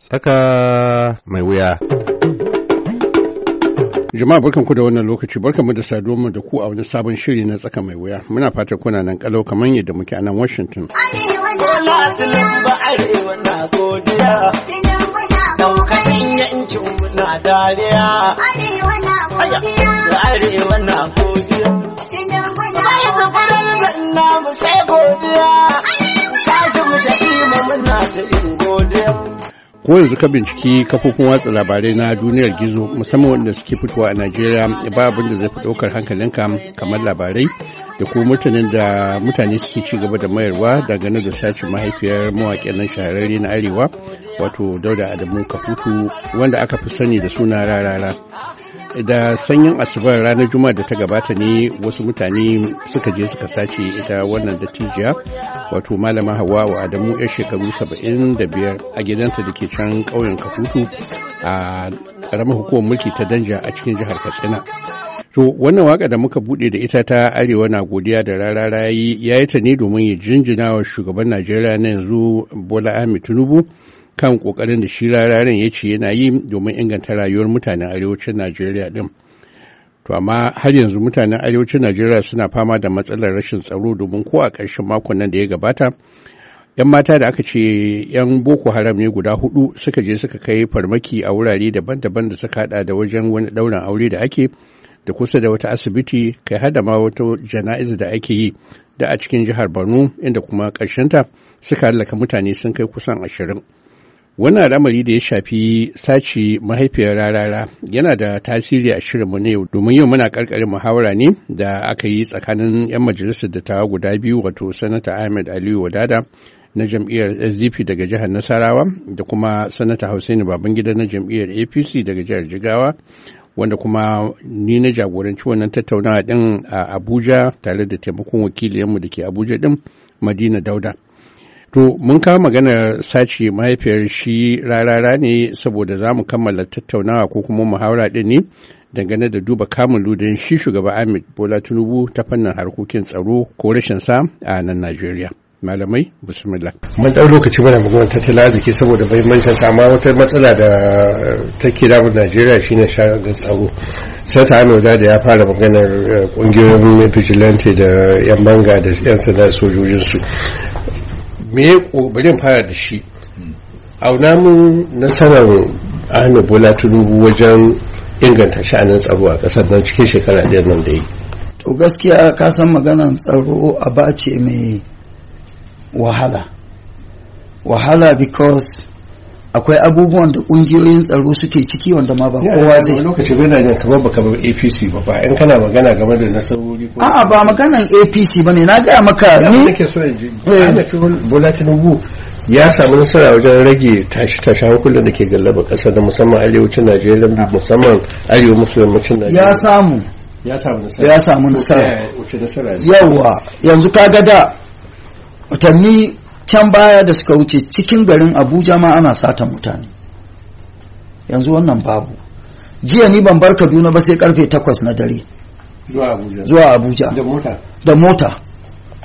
Tsaka mai wuya. Jama'a barkanku da wannan lokaci mu da saduwa da ku a wani sabon shiri na tsaka mai wuya. Muna fatan kuna nan kalau kamar yadda muke a nan Washington. Arewa na muna godiya. ko yanzu ka binciki kafofin watsa labarai na duniyar gizo musamman wanda suke fitowa a najeriya ba abin da zai fi ɗaukar hankalinka kamar labarai da kuma mutanen da mutane suke ci gaba da mayarwa dangane da sace mahaifiyar mawaƙin nan shahararre na arewa wato dauda adamu kafutu wanda aka fi sani da suna rarara da sanyin asubar ranar juma'a da ta gabata ne wasu mutane suka je suka sace ita wannan dattijiya wato malama hawa wa adamu yar shekaru 75 a gidanta da ke can ƙauyen kafutu a ƙaramar hukumar mulki ta danja a cikin jihar katsina To wannan waka da muka bude da ita ta arewa na godiya da rara ya yi ta ne domin ya jinjina wa shugaban Najeriya na yanzu Bola Ahmed Tinubu kan kokarin da shi rararen ya ce yana yi domin inganta rayuwar mutanen arewacin Najeriya din. To amma har yanzu mutanen arewacin Najeriya suna fama da matsalar rashin tsaro domin ko a ƙarshen makon nan da ya gabata 'yan mata da aka ce 'yan boko haram ne guda hudu suka je suka kai farmaki a wurare daban-daban da suka hada da wajen wani ɗaurin aure da ake da kusa da wata asibiti kai hada ma wata jana'iza da ake yi da a cikin jihar borno inda kuma ta suka hallaka mutane sun kai kusan ashirin wannan al'amari da ya shafi sace mahaifiyar rarara yana da tasiri a shirinmu ne domin yau muna karkarin muhawara ne da aka yi tsakanin 'yan majalisar da ta guda biyu wato sanata ahmed aliyu wadada na jam'iyyar sdp daga jihar nasarawa da kuma sanata hussaini babangida na jam'iyyar apc daga jihar jigawa wanda kuma ni na jagoranci wannan tattaunawa din a Abuja tare da taimakon wakiliyanmu da ke Abuja din Madina Dauda. To mun kawo magana sace mahaifiyar shi rarara ne saboda za mu kammala tattaunawa ko kuma muhawara din ne dangane da duba kamun ludin shi shugaba Ahmed Bola Tinubu ta fannin harkokin tsaro ko rashin sa a nan Najeriya. malamai bismillah mun lokaci muna magana ta tattalin arziki saboda muhimmancin ta amma wata matsala da take damun Najeriya shine shagar tsaro sai ta da ya fara maganar kungiyoyin eh, vigilante da yan banga da yan sanda sojojin su me ya bari fara da shi auna mun nasarar Ahmed Bola Tunubu wajen inganta sha'anin tsaro a kasar nan cikin shekara ɗaya nan da yi to gaskiya ka san maganar tsaro a bace mai wahala wahala because akwai abubuwan da kungiyoyin tsaro suke ciki wanda ma ba kowa zai lokaci bai da kaba ba kaba APC ba ba in kana magana game da nasarori ko a'a ba maganan APC bane na ga maka ni nake so in ji eh. Bola Tinubu ya samu nasara wajen rage tashi-tashi hankulan da ke gallaba ƙasa da musamman arewacin Najeriya ah. musamman arewa maso yammacin Najeriya ya samu ya samu nasara ya samu nasara yawa yanzu ga da watanni can baya da suka wuce cikin garin abuja ma ana sata mutane yanzu wannan babu jiya ni ban bar kaduna ba sai karfe takwas na dare zuwa abuja da mota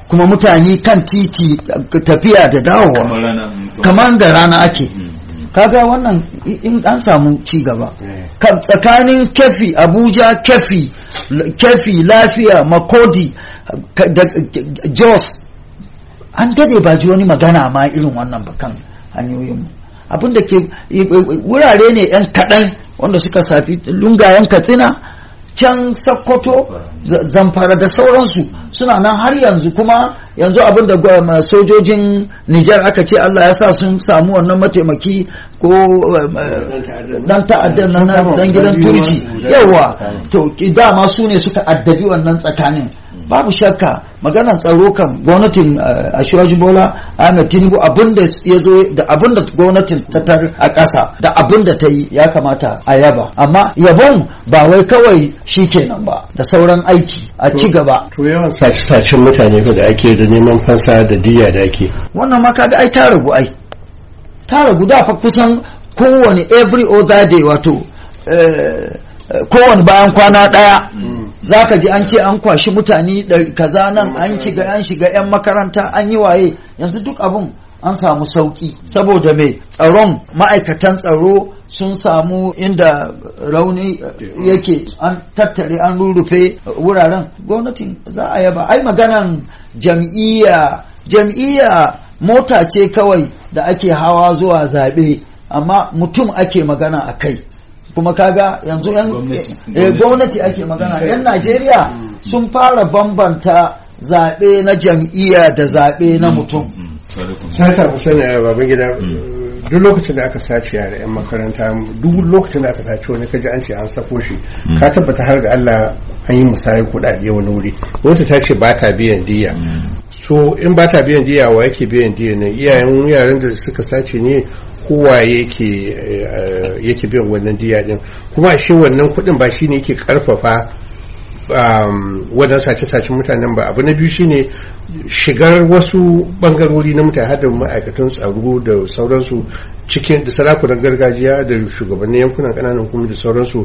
kuma mutane kan titi tafiya da dawowa kamar da rana ake mm, mm, mm. kaga wannan in an samu ci gaba eh. tsakanin kefi abuja kefi kefi lafiya makodi jos an dade ba ji wani magana ma irin wannan ba kan hanyoyin mu abin da ke wurare ne yan kaɗan wanda suka safi lungayen katsina can sakkwato zamfara da sauransu suna nan har yanzu kuma yanzu abin da sojojin nijar aka ce allah ya sa sun samu wannan mataimaki ko eh, dan ta'addar na dan gidan turci yawa to dama su ne suka addabi wannan tsakanin babu shakka maganan tsaro kan gwamnatin eh, shiwaji bola ahmed tinubu abinda ya zo da abinda gwamnatin ta tar a ƙasa da abinda ta yi ya kamata a yaba amma yabon ba wai kawai shi kenan ba da sauran aiki a ci gaba to yawan sace-sacen mutane da ake da neman fansa da diya da ake wannan ma kaga ai ta ragu ai ta ragu da fa kusan kowane every other day wato eh, eh, kowane bayan kwana ɗaya za ka ji an ce an kwashi mutane kaza nan an shiga an shiga 'yan makaranta an yi waye yanzu duk abun an samu sauki saboda mai tsaron ma'aikatan tsaro sun samu inda rauni uh, yake an tattare an rurrufe wuraren gwamnatin za a yaba ai maganan jam'iyya jam'iyya mota ce kawai da ake hawa zuwa zaɓe amma mutum ake magana a kai kuma kaga yanzu yan gwamnati eh, eh, ake magana yan najeriya mm. sun fara bambanta zaɓe na jam'iyya da zaɓe na mm. mutum mm. sata ku sani a eh, baban gida duk lokacin da aka sace a yan makaranta duk lokacin da aka sace wani kaji an ce an sako shi ka tabbata har ga Allah an yi musayi kuɗaɗe wani wuri wata ta ce ba ta biyan diya so in ba ta biyan diya wa yake biyan diya ne iyayen yaran da suka sace ne kowa yake eh, biyan wannan diya din kuma shi wannan kuɗin ba shi ne yake karfafa Um, wadan sace-sacen mutanen ba abu na biyu shine shigar wasu bangarori na mutane hada ma'aikatan tsaro da sauransu cikin da sarakunan gargajiya da shugabannin yankunan kananan kuma da sauransu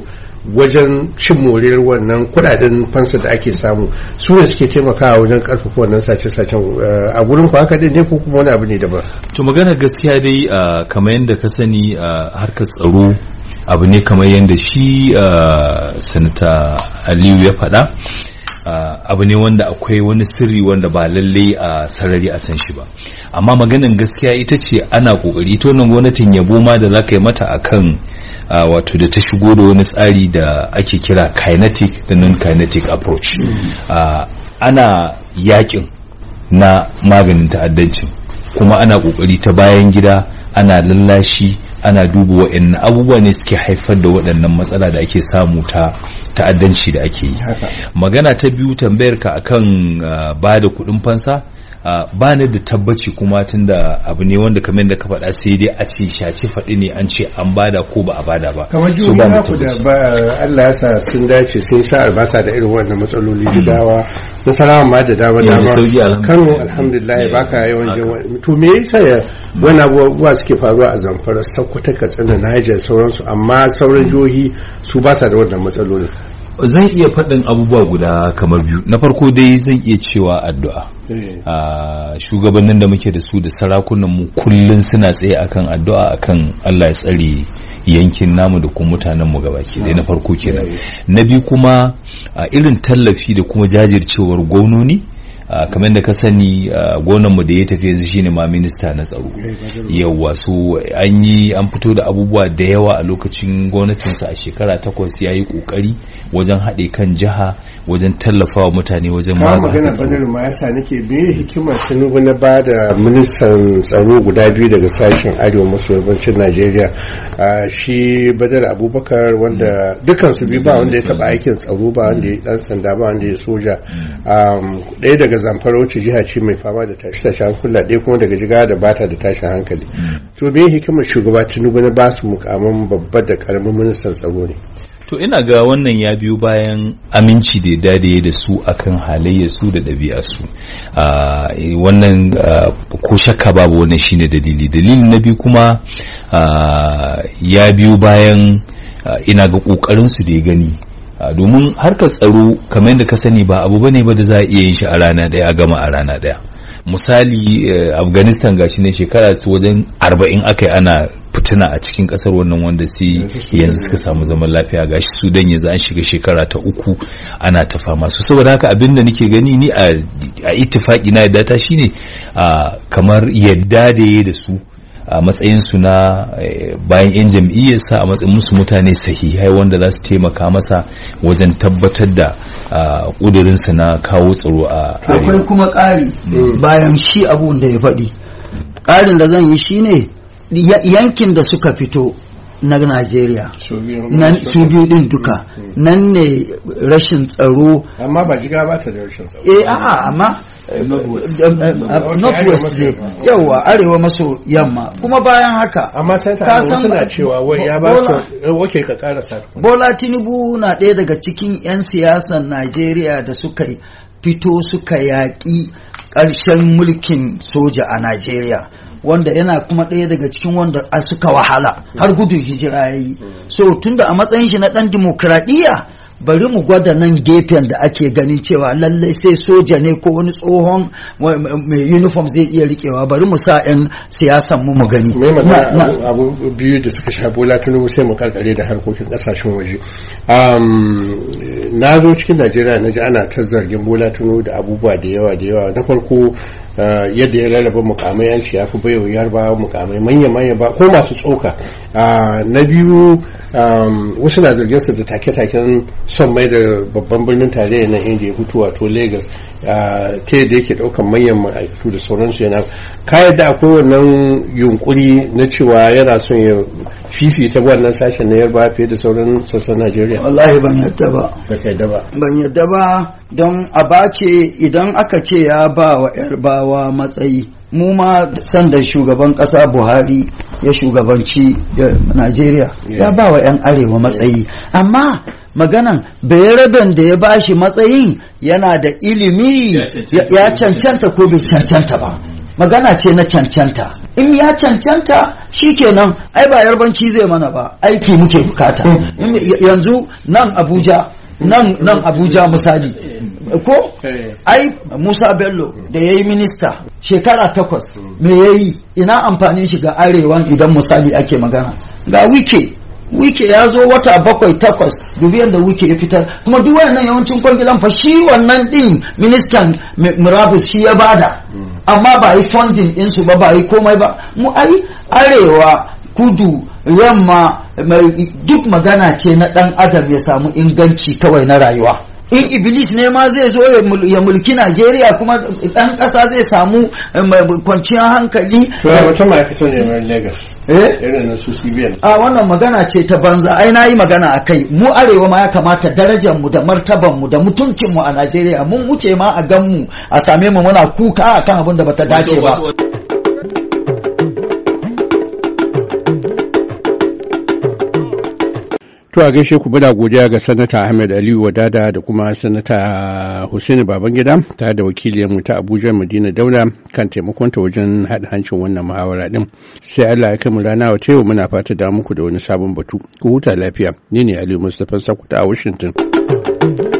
wajen cin moriyar wannan kudaden fansa da ake samu su ne suke taimakawa wajen karfafa wannan sace-sacen uh, a gurin ku haka ne ko kuma wani abu ne daban to magana gaskiya dai uh, kamar yadda ka sani uh, harkar tsaro abu ne kamar yadda shi uh, sanata aliyu ya faɗa uh, abu ne wanda akwai wani sirri wanda ba lalle a sarari a san shi ba amma maganin gaskiya ita ce ana kokari ita wannan gwamnatin yabo ma da za ka yi mata akan uh, wato da ta shigo da wani tsari da ake kira kinetic da non-kinetic approach ana yakin na maganin ta'addanci kuma ana kokari ta bayan gida ana lallashi ana duba waɗannan abubuwa ne suke haifar da waɗannan matsala da ake samu ta ta'addanci da ake yi magana ta biyu tambayar ka akan ah, ba da kuɗin fansa ah, ba ni da tabbaci kuma tun da abu ne wanda kamar da ka faɗa sai dai a ce shaci faɗi ne an ce an bada ko ba a bada ba kamar ku da Allah ya sa sun dace sun sa albasa da irin wannan matsaloli gidawa hmm. nasarawa ma da dama dama kano alhamdulillah ba ka yawan jin to me yasa ya wani abubuwa suke faruwa a zamfara sakkwata katsina niger sauransu amma sauran jihohi su ba sa da wannan matsaloli. zan iya faɗin abubuwa guda kamar biyu na farko dai zan iya cewa addu'a eh. shugabannin da muke da su da sarakunan mu kullun suna tsaye akan addu'a akan Allah ya tsare yankin namu da kuma mutanen mu ke dai na farko kenan eh. na biyu kuma irin tallafi da kuma jajircewar gwamnoni Ah, kamar da ka sani ah, gonan mu da ya tafi yanzu shine ma minista na tsaro yawa so an yi an fito da abubuwa da yawa a lokacin gwamnatinsa a shekara takwas ya yi kokari wajen haɗe kan jiha wajen tallafa wa mutane wajen magana magana ma yasa nake biye hikimar tinubu na ba da ministan tsaro guda biyu daga sashen arewa maso yammacin najeriya ah, shi badar abubakar wanda mm. dukansu biyu ba wanda ya taɓa aikin tsaro ba wanda ya dan sanda ba wanda ya soja mm. ɗaya daga zamfara wuce jiha ce mai fama da tashi tashi hankula ɗaya kuma daga jiga da bata da tashin hankali to me hikimar shugaba tinubu na basu mukamman babba da karamin ministan tsaro ne to ina ga wannan ya biyo bayan aminci da ya dadaye da su akan halayya su da ɗabi'a su e, wannan ko shakka babu wannan shine dalili dalili na biyu kuma ya biyo bayan ina ga kokarin su da ya gani domin harkar tsaro kamar yadda ka sani ba abu bane ba da za a iya yin shi a rana daya a gama a rana daya misali e, afghanistan shi ne shekara su wajen arba'in aka yi ana fitina a cikin kasar wannan wanda sai yanzu suka samu zaman lafiya ga gashi sudan yanzu an shiga shekara ta uku ana ta fama su saboda haka abin da nake gani ni a itifaki na yadda ta shi ne kamar yadda da ya da su a matsayin su na e, bayan 'yan jam'iyyarsa a matsayin musu mutane sahihai wanda za su taimaka masa wajen tabbatar da ah, ƙudurinsa na kawo tsaro a akwai kuma ƙari mm. eh, bayan shi abun da ya faɗi ƙarin da zan yi shi ne yankin da suka fito na Najeriya su biyu din duka mm. nan ne rashin tsaro amma ba jiga ba ta da rashin tsaro eh a'a amma northwest yawa arewa maso yamma kuma bayan haka amma sai ta suna cewa wai ya ba su eh, ka karasa bola tinubu na ɗaya daga cikin 'yan siyasan najeriya da suka fito suka yaƙi ƙarshen mulkin soja a najeriya wanda yana kuma ɗaya daga cikin wanda suka wahala har gudun hijira ya so tunda a matsayin shi na ɗan dimokuraɗiyya bari mu gwada nan gefen da ake ganin cewa lallai sai soja ne ko wani tsohon mai uniform zai iya rikewa bari mu sa 'yan siyasan mu mu gani abu biyu da suka sha bola tunubu sai mu karkare da harkokin kasashen waje na zo cikin najeriya na ji ana ta zargin bola tunubu da abubuwa da yawa da yawa na farko uh, yadda ya lalaba mukamai yanci ya fi bayo yarbawa mukamai manya-manya ba ko masu tsoka uh, na biyu Um, wasu na zargin su da take-taken son mai da babban birnin tarayya na indiya hutu wato lagos uh, ta yadda yake daukan manyan ma'aikatu da sauransu yana ka yadda akwai wannan yunkuri na cewa yana son ya fifita wannan sashen na yarba fiye da sauran sassan najeriya wallahi ban yadda ba ban yadda ba don a bace idan aka ce ya ba wa yarbawa matsayi mu ma sanda shugaban kasa buhari ya shugabanci najeriya ya ba wa 'yan arewa matsayi amma maganan bayaraben da ya ba shi matsayin yana da ilimi ya cancanta ko bai cancanta ba magana ce na cancanta in ya cancanta shi kenan ai ba yarbanci zai mana ba aiki muke bukata hmm. yanzu nan abuja nan abuja misali ko eh. ai Musa Bello da ya yi minista shekara takwas me ya yi ina amfanin shi ga arewan idan misali ake magana ga wike wike ya zo wata bakwai takwas dubiyan da wike ya fitar kuma duk wannan yawancin kwangilan fa shi wannan din ministan murabus shi ya bada amma ba yi funding su ba ba yi komai ba mu ai arewa kudu yamma duk magana ce na dan adam ya samu inganci kawai na rayuwa in iblis ne ma zai zo ya mulki najeriya kuma ɗan ƙasa zai samu eh, kwanciyar hankali lagos eh? irin na su a wannan magana ce ta banza ai na yi magana a kai mu arewa ma ya kamata darajar mu da martaban mu da mutuncin mu a najeriya mun wuce ma a gan mu a same mu muna kuka akan abin da bata dace ba To a gaishe ku muna godiya ga Sanata Ahmed Aliyu Wadada da kuma Sanata Hussein Babangida ta da wakiliyarmu ta Abuja Madina Daula kan taimakonta wajen haɗa hancin wannan muhawara din. Sai Allah ya kai mu rana wata yau muna fata da muku da wani sabon batu. Ku huta lafiya. Ni ne ali Mustapha Sakuta a Washington.